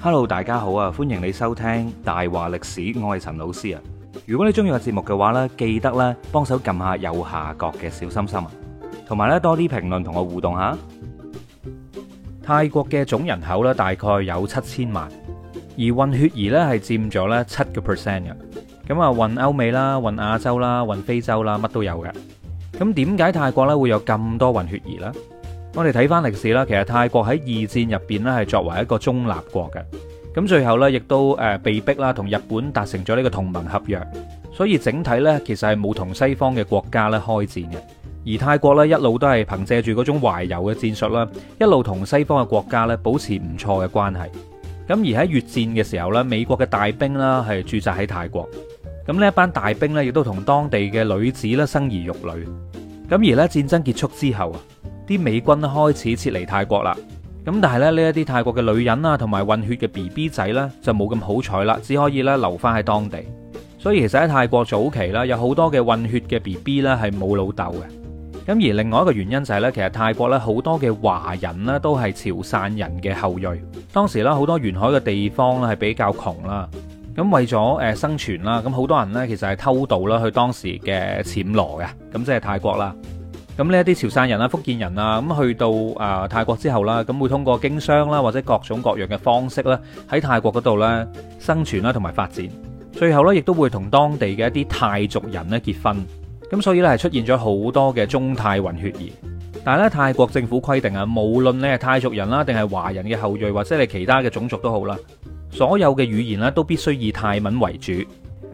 hello，大家好啊，歡迎你收聽大話歷史，我係陳老師啊。如果你中意個節目嘅話呢，記得咧幫手撳下右下角嘅小心心啊，同埋咧多啲評論同我互動下。泰國嘅總人口咧大概有七千萬，而混血兒咧係佔咗咧七個 percent 嘅。咁啊，混歐美啦，混亞洲啦，混非洲啦，乜都有嘅。咁點解泰國咧會有咁多混血兒呢？我哋睇翻歷史啦，其實泰國喺二戰入邊咧係作為一個中立國嘅，咁最後呢亦都誒被逼啦同日本達成咗呢個同盟合約，所以整體呢，其實係冇同西方嘅國家咧開戰嘅，而泰國呢，一路都係憑借住嗰種懷柔嘅戰術啦，一路同西方嘅國家呢保持唔錯嘅關係。咁而喺越戰嘅時候呢，美國嘅大兵啦係駐紮喺泰國，咁呢一班大兵呢，亦都同當地嘅女子咧生兒育女，咁而呢戰爭結束之後啊。啲美軍開始撤離泰國啦，咁但係咧呢一啲泰國嘅女人啊，同埋混血嘅 BB 仔呢，就冇咁好彩啦，只可以呢留翻喺當地。所以其實喺泰國早期啦，有好多嘅混血嘅 BB 呢係冇老豆嘅。咁而另外一個原因就係呢，其實泰國呢好多嘅華人呢都係潮汕人嘅後裔。當時呢，好多沿海嘅地方呢係比較窮啦，咁為咗誒生存啦，咁好多人呢其實係偷渡啦去當時嘅暹羅嘅，咁即係泰國啦。咁呢一啲潮汕人啦、福建人啊，咁去到誒、呃、泰國之後啦，咁會通過經商啦，或者各種各樣嘅方式咧，喺泰國嗰度咧生存啦，同埋發展，最後咧亦都會同當地嘅一啲泰族人咧結婚，咁所以咧係出現咗好多嘅中泰混血兒。但係咧，泰國政府規定啊，無論你係泰族人啦，定係華人嘅後裔，或者係其他嘅種族都好啦，所有嘅語言咧都必須以泰文為主，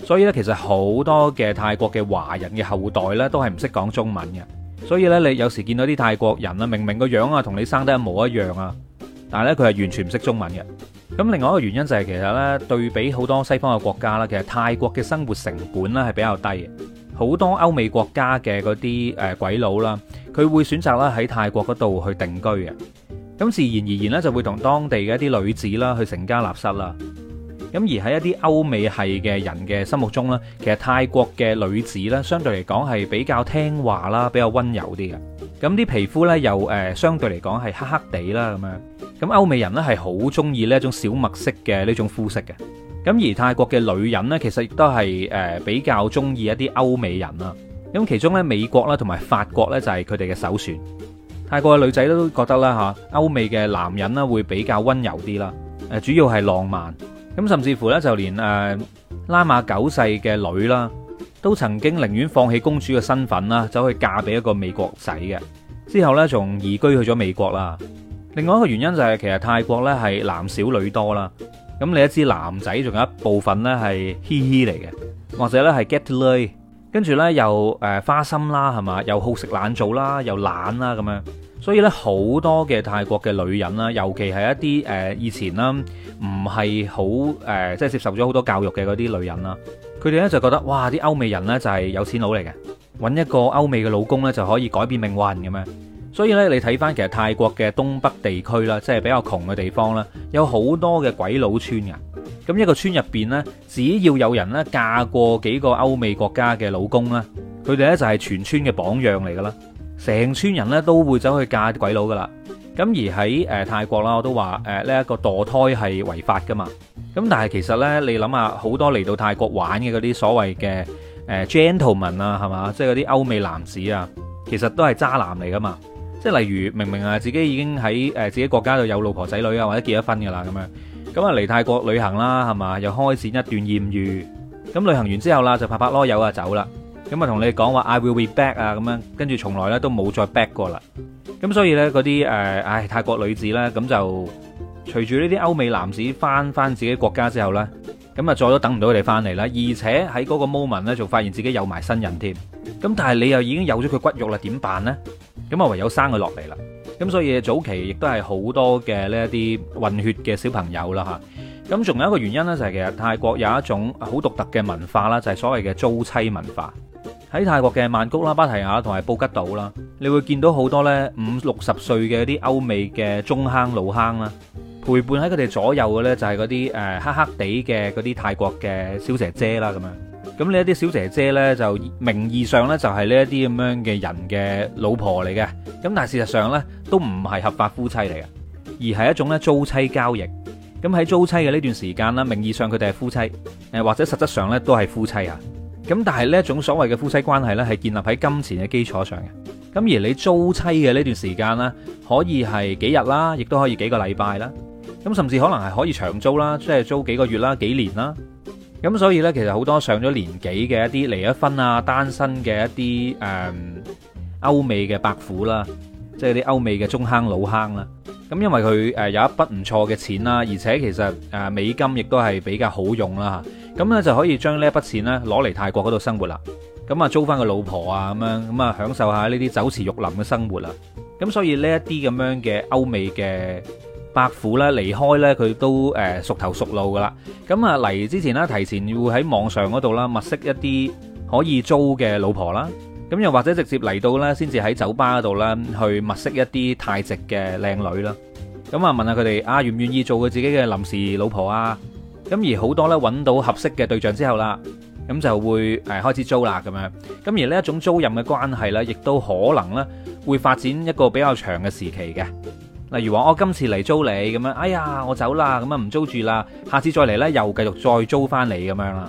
所以咧其實好多嘅泰國嘅華人嘅後代咧都係唔識講中文嘅。所以咧，你有時見到啲泰國人啦，明明個樣啊同你生得一模一樣啊，但係咧佢係完全唔識中文嘅。咁另外一個原因就係、是、其實呢，對比好多西方嘅國家啦，其實泰國嘅生活成本咧係比較低嘅，好多歐美國家嘅嗰啲誒鬼佬啦，佢、呃、會選擇咧喺泰國嗰度去定居嘅。咁自然而然呢，就會同當地嘅一啲女子啦去成家立室啦。咁而喺一啲歐美系嘅人嘅心目中咧，其實泰國嘅女子咧，相對嚟講係比較聽話啦，比較溫柔啲嘅。咁啲皮膚咧又誒相對嚟講係黑黑哋啦咁樣。咁歐美人咧係好中意呢一種小麥色嘅呢種膚色嘅。咁而泰國嘅女人咧，其實亦都係誒比較中意一啲歐美人啦。咁其中咧美國啦同埋法國咧就係佢哋嘅首選。泰國嘅女仔都覺得啦嚇歐美嘅男人咧會比較溫柔啲啦，誒主要係浪漫。咁甚至乎呢就連誒、呃、拉馬九世嘅女啦，都曾經寧願放棄公主嘅身份啦，走去嫁俾一個美國仔嘅。之後呢，仲移居去咗美國啦。另外一個原因就係、是、其實泰國呢係男少女多啦。咁你一知男仔仲有一部分呢係嘻嘻嚟嘅，或者呢係 get 女，跟住呢，又誒、呃、花心啦，係嘛？又好食懶做啦，又懶，懶啦咁樣。所以咧，好多嘅泰國嘅女人啦，尤其係一啲誒、呃、以前啦，唔係好誒，即係接受咗好多教育嘅嗰啲女人啦，佢哋咧就覺得，哇！啲歐美人呢，就係有錢佬嚟嘅，揾一個歐美嘅老公呢，就可以改變命運咁樣。所以呢，你睇翻其實泰國嘅東北地區啦，即係比較窮嘅地方啦，有好多嘅鬼佬村嘅。咁一個村入邊呢，只要有人咧嫁過幾個歐美國家嘅老公啦，佢哋呢，就係全村嘅榜樣嚟㗎啦。成村人咧都會走去嫁啲鬼佬噶啦，咁而喺誒、呃、泰國啦，我都話誒呢一個墮胎係違法噶嘛，咁但係其實呢，你諗下，好多嚟到泰國玩嘅嗰啲所謂嘅誒 gentlemen 啊，係、呃、嘛，即係嗰啲歐美男子啊，其實都係渣男嚟噶嘛，即係例如明明啊自己已經喺誒自己國家度有老婆仔女啊，或者結咗婚噶啦咁樣，咁啊嚟泰國旅行啦係嘛，又開展一段豔遇，咁旅行完之後啦就拍拍籮柚啊走啦。咁啊，同你講話，I will be back 啊，咁樣跟住從來咧都冇再 back 過啦。咁所以呢嗰啲誒，唉，泰國女子呢，咁就隨住呢啲歐美男子翻翻自己國家之後呢，咁啊，再都等唔到佢哋翻嚟啦。而且喺嗰個 moment 呢，仲發現自己有埋新人添。咁但係你又已經有咗佢骨肉啦，點辦呢？咁啊，唯有生佢落嚟啦。咁所以早期亦都係好多嘅呢一啲混血嘅小朋友啦，嚇。咁仲有一個原因呢，就係其實泰國有一種好獨特嘅文化啦，就係所謂嘅租妻文化。喺泰國嘅曼谷啦、芭提雅同埋布吉島啦，你會見到好多呢五六十歲嘅啲歐美嘅中坑老坑啦，陪伴喺佢哋左右嘅呢，就係嗰啲誒黑黑地嘅嗰啲泰國嘅小姐姐啦咁樣，咁呢一啲小姐姐呢，就名義上呢，就係呢一啲咁樣嘅人嘅老婆嚟嘅，咁但係事實上呢，都唔係合法夫妻嚟嘅，而係一種呢租妻交易。咁喺租妻嘅呢段時間啦，名義上佢哋係夫妻，誒或者實質上呢，都係夫妻啊。咁但係呢一種所謂嘅夫妻關係呢，係建立喺金錢嘅基礎上嘅。咁而你租妻嘅呢段時間咧，可以係幾日啦，亦都可以幾個禮拜啦。咁甚至可能係可以長租啦，即係租幾個月啦、幾年啦。咁所以呢，其實好多上咗年紀嘅一啲離咗婚啊、單身嘅一啲誒歐美嘅白富啦。即係啲歐美嘅中坑老坑啦，咁因為佢誒有一筆唔錯嘅錢啦，而且其實誒美金亦都係比較好用啦，咁咧就可以將呢一筆錢咧攞嚟泰國嗰度生活啦，咁啊租翻個老婆啊咁樣，咁啊享受下呢啲酒池肉林嘅生活啦，咁所以呢一啲咁樣嘅歐美嘅伯父咧離開咧佢都誒熟頭熟路噶啦，咁啊嚟之前咧提前要會喺網上嗰度啦物色一啲可以租嘅老婆啦。咁又或者直接嚟到咧，先至喺酒吧度咧，去物色一啲泰籍嘅靚女啦。咁啊，問下佢哋啊，願唔願意做佢自己嘅臨時老婆啊？咁而好多呢，揾到合適嘅對象之後啦，咁就會誒開始租啦，咁樣。咁而呢一種租賃嘅關係咧，亦都可能呢會發展一個比較長嘅時期嘅。例如話我今次嚟租你，咁樣，哎呀，我走啦，咁啊唔租住啦，下次再嚟呢，又繼續再租翻你咁樣啦。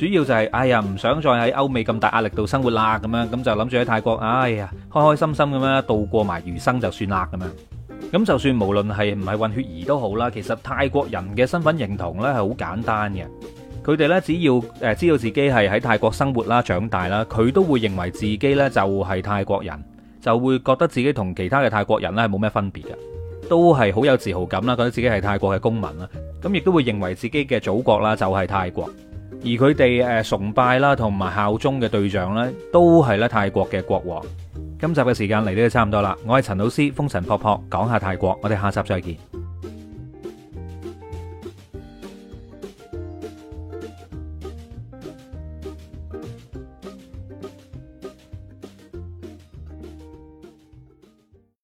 主要就係，哎呀，唔想再喺歐美咁大壓力度生活啦，咁樣咁就諗住喺泰國，哎呀，開開心心咁樣度過埋餘生就算啦，咁樣。咁就算無論係唔係混血兒都好啦，其實泰國人嘅身份認同呢係好簡單嘅，佢哋呢只要誒知道自己係喺泰國生活啦、長大啦，佢都會認為自己呢就係泰國人，就會覺得自己同其他嘅泰國人呢係冇咩分別嘅，都係好有自豪感啦，覺得自己係泰國嘅公民啦，咁亦都會認為自己嘅祖國啦就係泰國。而佢哋誒崇拜啦，同埋效忠嘅對象呢，都係咧泰國嘅國王。今集嘅時間嚟到就差唔多啦，我係陳老師，風塵僕僕講下泰國，我哋下集再見。